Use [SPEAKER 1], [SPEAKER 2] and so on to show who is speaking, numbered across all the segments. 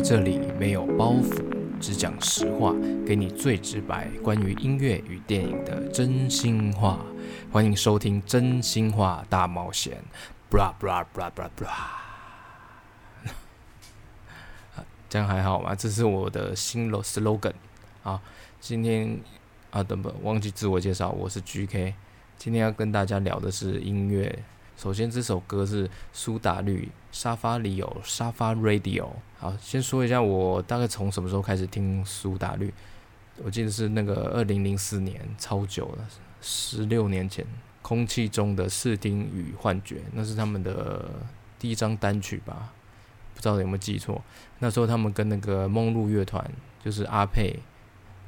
[SPEAKER 1] 在這裡沒有包袱，只講實話，給你最直白關於音樂與電影的真心話。歡迎收聽《真心話大冒險》。Blah blah blah blah blah。這樣還好嗎？這是我的新 slogan 啊。今天啊，等等，忘記自我介紹，我是 GK。今天要跟大家聊的是音樂。首先，這首歌是蘇打綠。沙發裡有沙發 radio。好，先說一下我大概從什麼時候開始聽蘇打綠，我記得是那個二零零四年，超久了，十六年前。空氣中的視聽與幻覺，那是他們的第一張單曲吧？不知道有沒有記錯。那時候他們跟那個夢露樂團，就是阿佩，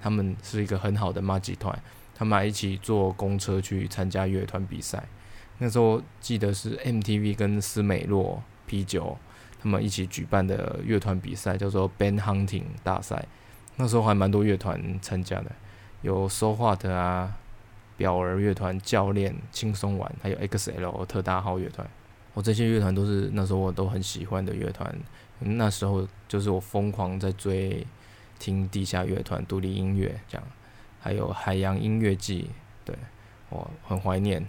[SPEAKER 1] 他們是一個很好的麻吉團，他們還一起坐公車去參加樂團比賽。那時候記得是 MTV 跟思美洛啤酒他們一起舉辦的樂團比賽，叫、就、做、是、Band Hunting 大賽。那時候還蠻多樂團參加的，有 So Hot 啊、表兒樂團、教練、輕鬆玩，還有 X L 特大號樂團。我、哦、這些樂團都是那時候我都很喜歡的樂團。那時候就是我瘋狂在追聽地下樂團、獨立音樂這樣，還有海洋音樂季，對，我很懷念。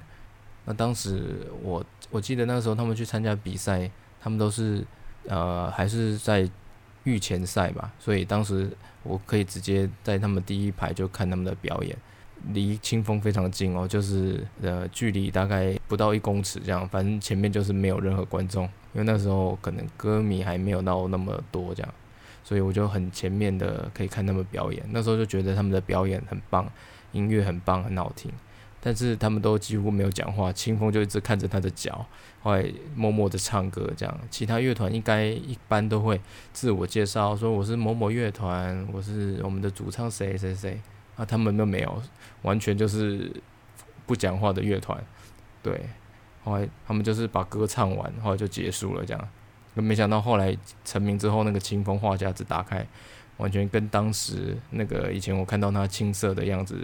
[SPEAKER 1] 那當時我我記得那時候他們去參加比賽，他們都是呃還是在預前賽吧，所以當時我可以直接在他們第一排就看他們的表演，離青峰非常近哦，就是呃距離大概不到一公尺這樣，反正前面就是沒有任何觀眾，因為那時候可能歌迷還沒有到那麼多這樣，所以我就很前面的可以看他們表演，那時候就覺得他們的表演很棒，音樂很棒，很好聽。但是他們都幾乎沒有講話，青峰就一直看着他的腳，後來默默地唱歌這樣。其他樂團應該一般都會自我介紹說我是某某樂團，我是我們的主唱誰誰誰，啊，他們都沒有，完全就是不講話的樂團。對，後來他們就是把歌唱完，後來就結束了這樣。沒想到後來成名之後，那個青峰話匣子打開。完全跟當時那個以前我看到他青澀的樣子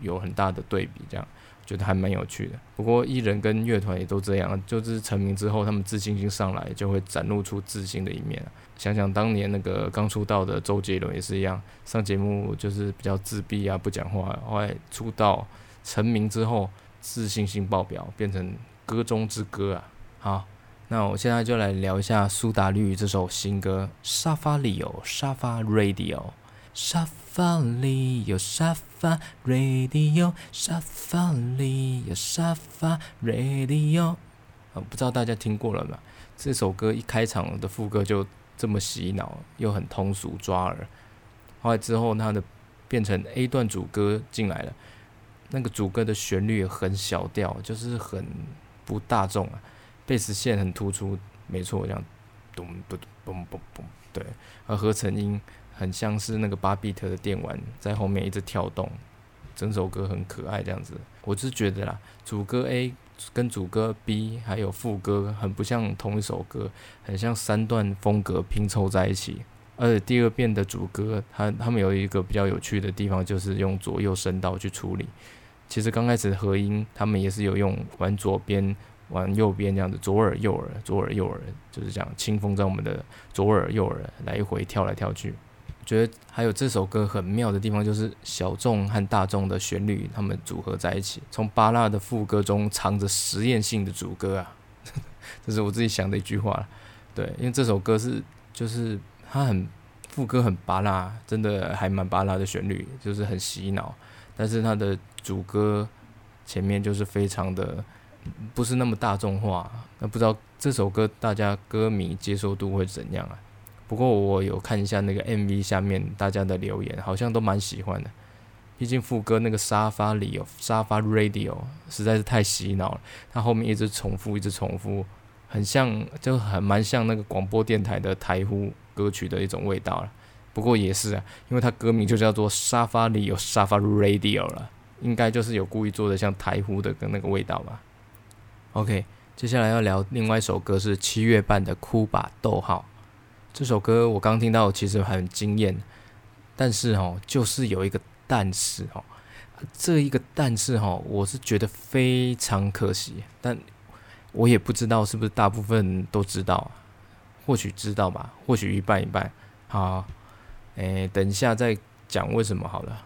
[SPEAKER 1] 有很大的對比，這樣覺得還蠻有趣的。不過藝人跟樂團也都這樣，就是成名之後他們自信心上來，就會展露出自信的一面。想想當年那個剛出道的周杰倫也是一樣，上節目就是比較自閉啊，不講話。後來出道成名之後，自信心爆表，變成歌中之歌啊，啊那我現在就來聊一下蘇打綠這首新歌《沙發裡有沙發 Radio》。沙發裡有沙發 Radio，沙發裡有沙發 Radio，沙發裡有沙發 Radio。啊，不知道大家聽過了嗎？這首歌一開場的副歌就這麼洗腦，又很通俗抓耳。後來之後，它的變成 A 段主歌進來了，那個主歌的旋律很小調，就是很不大眾啊。貝斯線很突出，沒錯，這樣咚咚咚咚咚，對。而合成音很像是那個八比特的電玩在後面一直跳動，整首歌很可愛這樣子。我是覺得啦，主歌 A 跟主歌 B 還有副歌很不像同一首歌，很像三段風格拼湊在一起。而且第二遍的主歌，他他，他們有一個比較有趣的地方，就是用左右聲道去處理。其實剛開始的合音，他們也是有用往左邊。往右邊這樣子，左耳右耳，左耳右耳，就是這樣。清風在我們的左耳右耳來回跳來跳去。覺得還有這首歌很妙的地方，就是小眾和大眾的旋律他們組合在一起。從芭樂的副歌中藏着實驗性的主歌啊， 這是我自己想的一句話。對，因為這首歌是就是它很副歌很芭樂，真的還蠻芭樂的旋律，就是很洗腦。但是它的主歌前面就是非常的。不是那麼大眾化啊，那不知道這首歌大家歌迷接受度會怎樣啊？不過我有看一下那個 MV 下面大家的留言，好像都蠻喜歡的。畢竟副歌那個沙發裡有沙發 Radio 實在是太洗腦了，它後面一直重複，一直重複，很像就很蠻像那個廣播電台的台呼歌曲的一種味道了啊。不過也是啊，因為它歌名就叫做沙發裡有沙發 Radio 了，應該就是有故意做的像台呼的跟那個味道吧。OK，接下來要聊另外一首歌是《七月半的哭吧》，逗號。這首歌我剛聽到，其實很驚艷，但是哦，就是有一個但是哦、呃，這一個但是哈，我是覺得非常可惜，但我也不知道是不是大部分都知道、啊，或許知道吧，或許一半一半。好，哎、欸，等一下再講為什麼好了，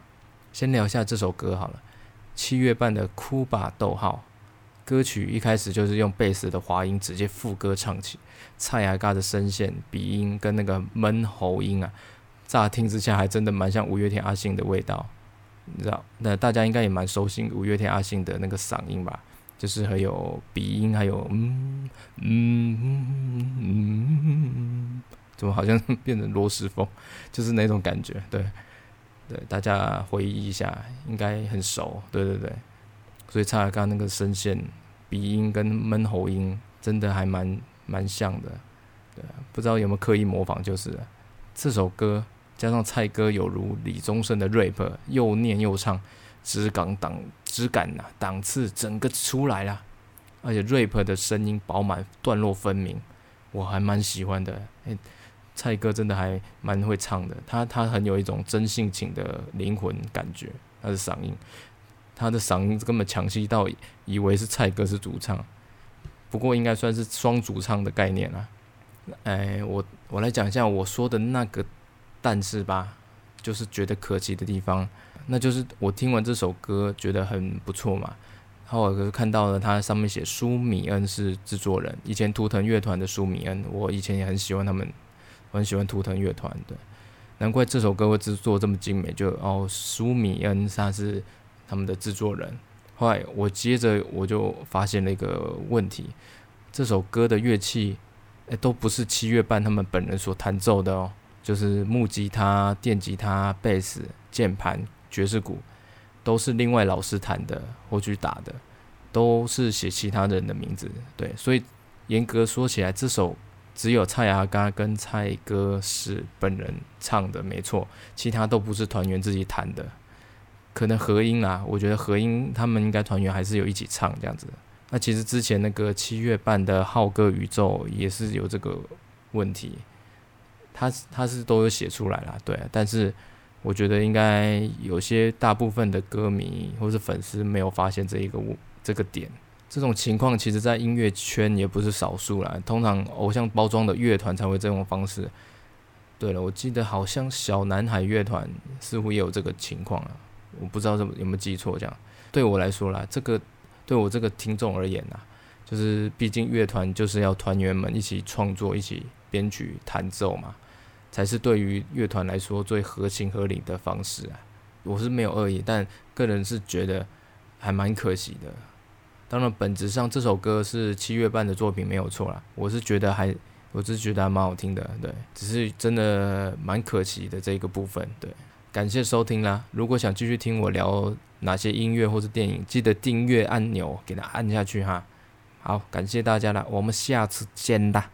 [SPEAKER 1] 先聊一下這首歌好了，《七月半的哭吧》，逗號。歌曲一開始就是用貝斯的滑音直接副歌唱起，蔡阿嘎的聲線、鼻音跟那個悶喉音啊，乍聽之下還真的蠻像五月天阿信的味道。你知道，那大家應該也蠻熟悉五月天阿信的那個嗓音吧？就是很有鼻音，還有嗯嗯嗯嗯，怎、嗯、麼、嗯嗯嗯嗯嗯嗯、好,好像變成螺螄粉，就是那種感覺，對對，大家回憶一下，應該很熟。對對對。所以蔡阿嘎那個聲線、鼻音跟悶喉音，真的還蠻蠻像的，對，不知道有沒有刻意模仿。就是這首歌加上蔡哥有如李宗盛的 rap，又念又唱，質感檔質感吶、啊，檔次整個出來了。而且 rap 的聲音飽滿，段落分明，我還蠻喜歡的。欸，蔡哥真的還蠻會唱的，他他很有一種真性情的靈魂感覺，他的嗓音。他的嗓音根本搶戲到，以為是蔡哥是主唱，不過應該算是雙主唱的概念啦、啊。哎，我我來講一下我說的那個，但是吧，就是覺得可惜的地方，那就是我聽完這首歌覺得很不錯嘛，然後我就看到了它上面寫舒米恩是制作人，以前圖騰樂團的舒米恩，我以前也很喜歡他們，我很喜歡圖騰樂團的，難怪這首歌會制作這麼精美，就哦，舒米恩他是。他們的製作人，後來我接着我就發現了一個問題，這首歌的樂器，哎、欸，都不是七月半他們本人所彈奏的哦，就是木吉他、電吉他、貝斯、鍵盤、爵士鼓，都是另外老師彈的或去打的，都是寫其他人的名字，對，所以嚴格說起來，這首只有蔡阿嘎跟蔡哥是本人唱的，沒錯，其他都不是團員自己彈的。可能合音啦，我覺得合音他們應該團員還是有一起唱這樣子。那其實之前那個七月半的浩歌宇宙也是有這個問題，他他是都有寫出來啦。對。但是我覺得應該有些大部分的歌迷或是粉絲沒有發現這一個這個點。這種情況其實，在音樂圈也不是少數啦，通常偶像包裝的樂團才會這種方式。對了，我記得好像小男孩樂團似乎也有這個情況啊。我不知道怎麼，有沒有記錯，這樣對我來說啦，這個對我這個聽眾而言啦、啊，就是畢竟樂團就是要團員們一起創作、一起編曲、彈奏嘛，才是對於樂團來說最合情合理的方式啊。我是沒有惡意，但個人是覺得還蠻可惜的。當然，本質上這首歌是七月半的作品沒有錯啦，我是覺得還，我是覺得還蠻好聽的，對，只是真的蠻可惜的這個部分，對。感謝收聽啦！如果想繼續聽我聊哪些音樂或者電影，記得訂閱按鈕給它按下去哈。好，感謝大家啦，我們下次見啦。